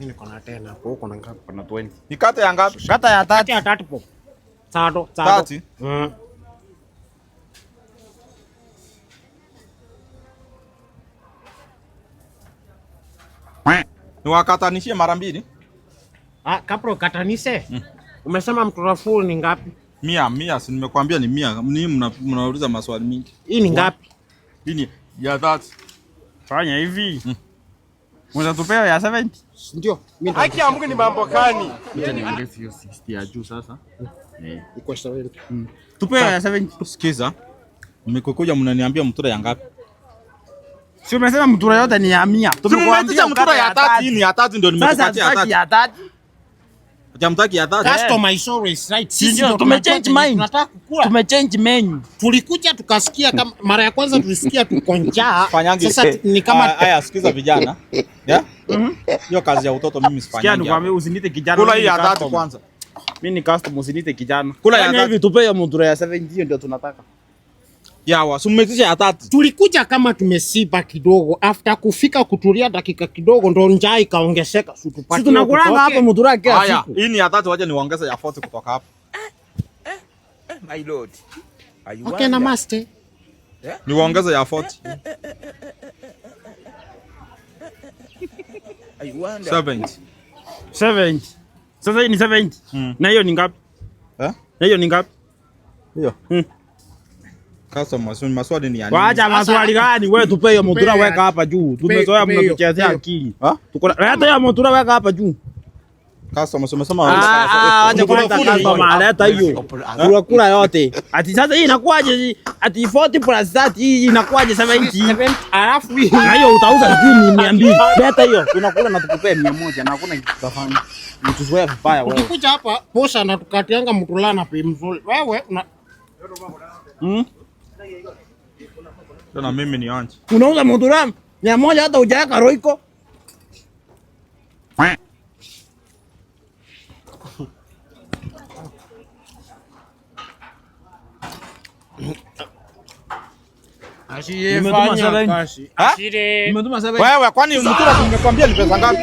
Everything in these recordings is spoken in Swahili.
Mimi Ni kata ya ngapi? Kata ya Kata ya po. Mm. mara mbili. Ah, kapro katanise. Mm. Umesema mtura full ni ngapi? Mia, mia, si ni mia. Ni mnauliza maswali mingi. Hii ni ngapi? Hii ni ya Fanya hivi. Mm. Mwenza Mtatupea ya 70? Ndio. Mimi haki ya Mungu ni mambo gani? ni niongee sio 60 ya juu sasa. Eh. Uko sawa. Tupea ya 70. Sikiza. Mmekuja mnaniambia mtura ya ngapi? Si umesema mtura yote ni ya 100. Tumekuambia mtura ya 30 ni ya 30 ndio nimepatia ya 30. Jamtaki ya dhati. Customer is always right. Sisi ndio tume mind. Tunataka kukula. Tume menu. Tulikuja tukasikia kama mara ya kwanza tulisikia tuko njaa. Sasa ni kama haya, ah, sikiza vijana. Yeah? Mhm. Hiyo kazi ya utoto mimi sifanyi. Sikia nikwambia usiniite kijana. Kula hii ya dhati yaani kwanza. Mimi ni customer usiniite kijana. Kula ya dhati. Tupe ya mudura ya 7 ndio tunataka yawa sumumezisha ya tatu. Tulikuja kama tumesiba kidogo, after kufika kutulia dakika kidogo, ndo njaa ikaongezeka. Si tunakulanga hapo mudura kila siku. Hii ni ya tatu, waje niongeze ya 40 kutoka hapo. My lord. Okay, namaste. master. Eh? Niongeze ya 40. I wonder. Sasa hii ni 70. Hmm. Na hiyo ni ngapi? Eh? Na hiyo ni ngapi? Hiyo. Hmm. Wacha maswali gani wewe, tupe hiyo mutura weka hapa juu. Tumezoea mnatuchezea akili. leta hiyo mutura weka hapa juu. Ah, ah, leta hiyo unakula yote. Ati sasa hii inakuwaje? Ati 40 plus 30 hii inakuwaje 70? Alafu na hiyo utauza juu mia Leta hiyo unakula na tukupee mia na hakuna kitu tafanya. Mtuzoea vibaya wewe. Ukikuja hapa posha na tukatianga mtulana pe Wewe una Hmm? Na mimi ni nianje. Unauza muduram mia moja hata hujaweka roiko. Wewe kwani mtura tumekwambia ni pesa ngapi?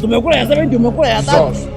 Tumekula ya 70, umekula ya 3.